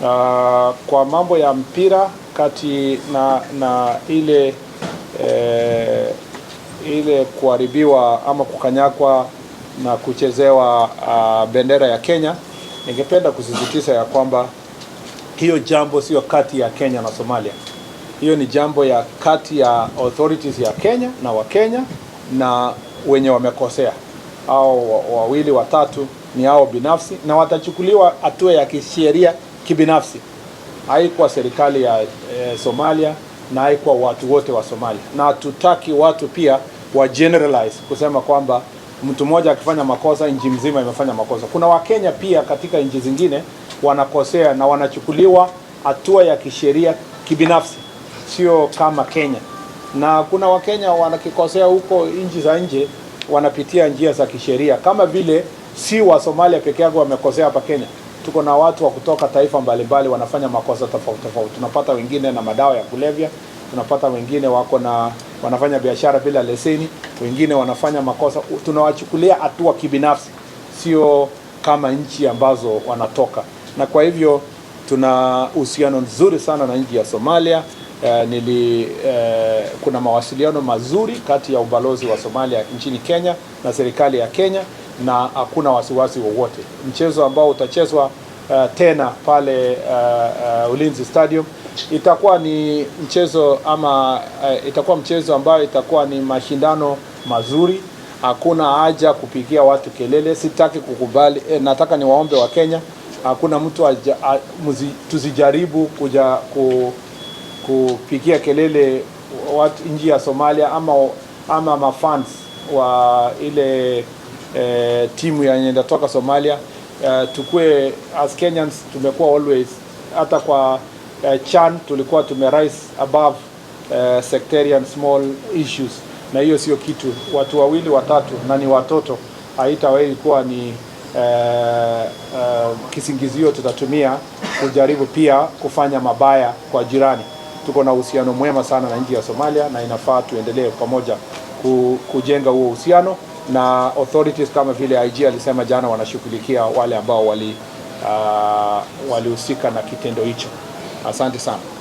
Uh, kwa mambo ya mpira kati na na ile eh, ile kuharibiwa ama kukanyakwa na kuchezewa uh, bendera ya Kenya, ningependa kusisitiza ya kwamba hiyo jambo sio kati ya Kenya na Somalia. Hiyo ni jambo ya kati ya authorities ya Kenya na Wakenya na wenye wamekosea au wawili watatu ni hao binafsi, na watachukuliwa hatua ya kisheria kibinafsi, haikuwa serikali ya e, Somalia na haikuwa watu wote wa Somalia, na tutaki watu pia wa generalize kusema kwamba mtu mmoja akifanya makosa nchi mzima imefanya makosa. Kuna Wakenya pia katika nchi zingine wanakosea na wanachukuliwa hatua ya kisheria kibinafsi, sio kama Kenya. Na kuna Wakenya wanakikosea huko nchi za nje wanapitia njia za kisheria, kama vile si wa Somalia peke yake wamekosea hapa Kenya tuko na watu wa kutoka taifa mbalimbali wanafanya makosa tofauti tofauti. Tunapata wengine na madawa ya kulevya, tunapata wengine wako na wanafanya biashara bila leseni, wengine wanafanya makosa. Tunawachukulia hatua kibinafsi, sio kama nchi ambazo wanatoka, na kwa hivyo tuna uhusiano nzuri sana na nchi ya Somalia. E, nili e, kuna mawasiliano mazuri kati ya ubalozi wa Somalia nchini Kenya na serikali ya Kenya na hakuna wasiwasi wowote. Mchezo ambao utachezwa uh, tena pale uh, uh, Ulinzi Stadium. Itakuwa ni mchezo ama uh, itakuwa mchezo ambayo itakuwa ni mashindano mazuri. Hakuna haja kupigia watu kelele, sitaki kukubali eh, nataka niwaombe wa Kenya, hakuna mtu aja, a, muzi, tuzijaribu kuja ku, kupigia kelele watu nchi ya Somalia ama, ama mafans wa ile eh, timu yenye inatoka Somalia uh, tukue as Kenyans tumekuwa always hata kwa uh, CHAN tulikuwa tume rise above uh, sectarian small issues, na hiyo sio kitu. Watu wawili watatu na ni watoto, haitawahi kuwa ni uh, uh, kisingizio tutatumia kujaribu pia kufanya mabaya kwa jirani. Tuko na uhusiano mwema sana na nchi ya Somalia na inafaa tuendelee pamoja kujenga huo uhusiano na authorities kama vile IG alisema jana wanashughulikia wale ambao uh, walihusika uh, wali na kitendo hicho. Asante sana.